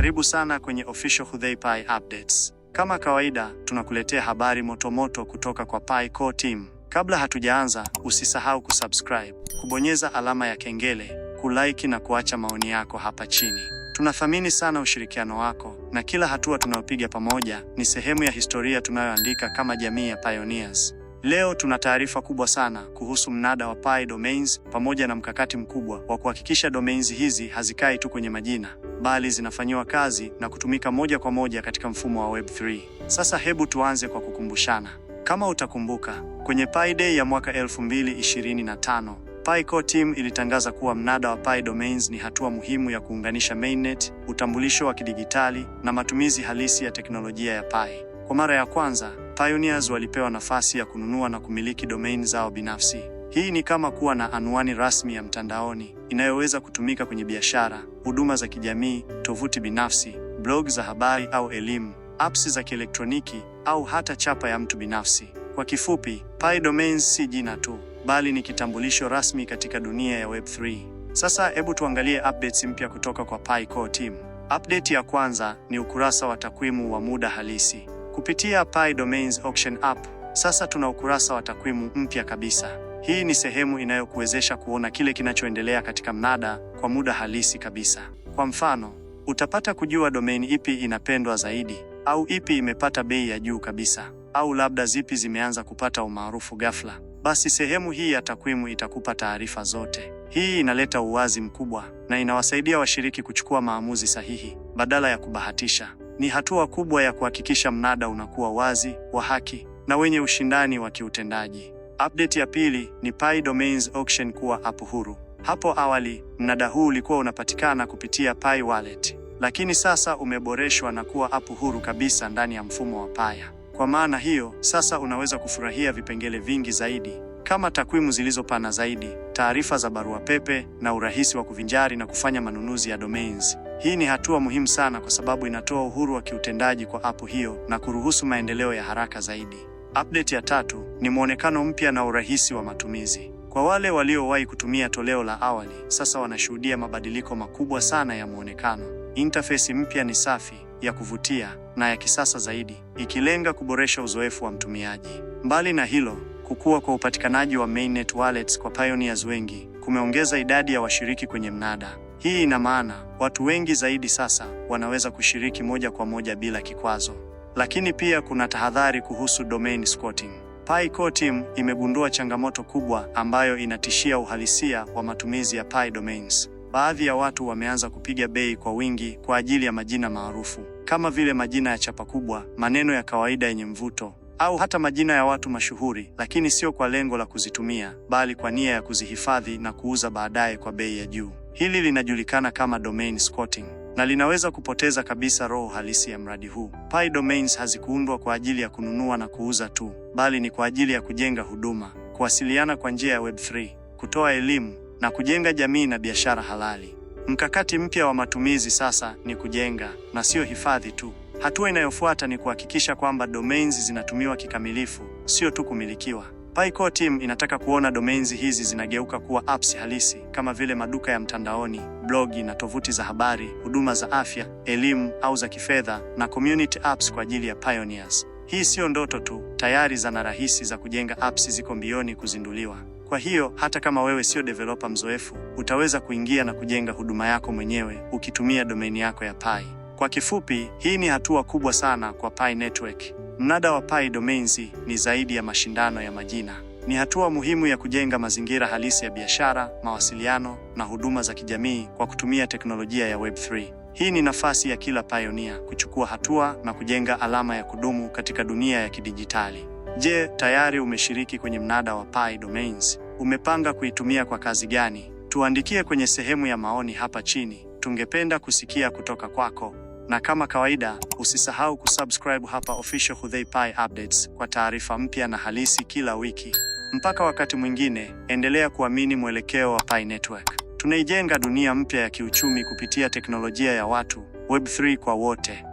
Karibu sana kwenye Official Khudhey Pi Updates. Kama kawaida, tunakuletea habari motomoto kutoka kwa Pi Core Team. Kabla hatujaanza, usisahau kusubscribe, kubonyeza alama ya kengele, kulike na kuacha maoni yako hapa chini. Tunathamini sana ushirikiano wako na kila hatua tunayopiga pamoja ni sehemu ya historia tunayoandika kama jamii ya pioneers. Leo tuna taarifa kubwa sana kuhusu mnada wa Pi Domains pamoja na mkakati mkubwa wa kuhakikisha domains hizi hazikai tu kwenye majina, bali zinafanyiwa kazi na kutumika moja kwa moja katika mfumo wa Web3. Sasa hebu tuanze kwa kukumbushana. Kama utakumbuka, kwenye Pi Day ya mwaka 2025, Pi Core Team ilitangaza kuwa mnada wa Pi Domains ni hatua muhimu ya kuunganisha mainnet, utambulisho wa kidigitali na matumizi halisi ya teknolojia ya Pi. Kwa mara ya kwanza Pioneers walipewa nafasi ya kununua na kumiliki domain zao binafsi. Hii ni kama kuwa na anwani rasmi ya mtandaoni inayoweza kutumika kwenye biashara, huduma za kijamii, tovuti binafsi, blog za habari au elimu, apps za kielektroniki au hata chapa ya mtu binafsi. Kwa kifupi, Pi Domains si jina tu, bali ni kitambulisho rasmi katika dunia ya Web3. Sasa hebu tuangalie updates mpya kutoka kwa Pi Core Team. Update ya kwanza ni ukurasa wa takwimu wa muda halisi. Kupitia Pi Domains Auction App, sasa tuna ukurasa wa takwimu mpya kabisa. Hii ni sehemu inayokuwezesha kuona kile kinachoendelea katika mnada kwa muda halisi kabisa. Kwa mfano, utapata kujua domain ipi inapendwa zaidi au ipi imepata bei ya juu kabisa au labda zipi zimeanza kupata umaarufu ghafla. Basi sehemu hii ya takwimu itakupa taarifa zote. Hii inaleta uwazi mkubwa na inawasaidia washiriki kuchukua maamuzi sahihi badala ya kubahatisha ni hatua kubwa ya kuhakikisha mnada unakuwa wazi, wa haki na wenye ushindani wa kiutendaji. Update ya pili ni Pi Domains Auction kuwa app huru. Hapo awali mnada huu ulikuwa unapatikana kupitia Pi Wallet, lakini sasa umeboreshwa na kuwa app huru kabisa ndani ya mfumo wa Paya. Kwa maana hiyo, sasa unaweza kufurahia vipengele vingi zaidi kama takwimu zilizopana zaidi, taarifa za barua pepe na urahisi wa kuvinjari na kufanya manunuzi ya domains. Hii ni hatua muhimu sana kwa sababu inatoa uhuru wa kiutendaji kwa app hiyo na kuruhusu maendeleo ya haraka zaidi. Update ya tatu ni mwonekano mpya na urahisi wa matumizi. Kwa wale waliowahi kutumia toleo la awali, sasa wanashuhudia mabadiliko makubwa sana ya mwonekano. Interface mpya ni safi, ya kuvutia na ya kisasa zaidi, ikilenga kuboresha uzoefu wa mtumiaji. Mbali na hilo, Kukua kwa upatikanaji wa mainnet wallets kwa pioneers wengi kumeongeza idadi ya washiriki kwenye mnada. Hii ina maana watu wengi zaidi sasa wanaweza kushiriki moja kwa moja bila kikwazo. Lakini pia kuna tahadhari kuhusu domain squatting. Core team imegundua changamoto kubwa ambayo inatishia uhalisia wa matumizi ya Pi domains. Baadhi ya watu wameanza kupiga bei kwa wingi kwa ajili ya majina maarufu kama vile majina ya chapa kubwa, maneno ya kawaida yenye mvuto au hata majina ya watu mashuhuri, lakini sio kwa lengo la kuzitumia, bali kwa nia ya kuzihifadhi na kuuza baadaye kwa bei ya juu. Hili linajulikana kama domain squatting na linaweza kupoteza kabisa roho halisi ya mradi huu. Pi Domains hazikuundwa kwa ajili ya kununua na kuuza tu, bali ni kwa ajili ya kujenga huduma, kuwasiliana kwa njia ya Web3, kutoa elimu na kujenga jamii na biashara halali. Mkakati mpya wa matumizi sasa ni kujenga na sio hifadhi tu. Hatua inayofuata ni kuhakikisha kwamba domains zinatumiwa kikamilifu, sio tu kumilikiwa. PaiCore Team inataka kuona domains hizi zinageuka kuwa apps halisi kama vile maduka ya mtandaoni, blogi na tovuti za habari, huduma za afya, elimu au za kifedha na community apps kwa ajili ya pioneers. Hii siyo ndoto tu, tayari zana rahisi za kujenga apps ziko mbioni kuzinduliwa. Kwa hiyo hata kama wewe sio developer mzoefu, utaweza kuingia na kujenga huduma yako mwenyewe ukitumia domain yako ya Pai. Kwa kifupi, hii ni hatua kubwa sana kwa Pi Network. Mnada wa Pi Domains ni zaidi ya mashindano ya majina. Ni hatua muhimu ya kujenga mazingira halisi ya biashara, mawasiliano na huduma za kijamii kwa kutumia teknolojia ya Web3. Hii ni nafasi ya kila pioneer kuchukua hatua na kujenga alama ya kudumu katika dunia ya kidijitali. Je, tayari umeshiriki kwenye mnada wa Pi Domains? Umepanga kuitumia kwa kazi gani? Tuandikie kwenye sehemu ya maoni hapa chini. Tungependa kusikia kutoka kwako na kama kawaida, usisahau kusubscribe hapa Official Khudhey Pi Updates kwa taarifa mpya na halisi kila wiki. Mpaka wakati mwingine, endelea kuamini mwelekeo wa Pi Network. Tunaijenga dunia mpya ya kiuchumi kupitia teknolojia ya watu, Web3 kwa wote.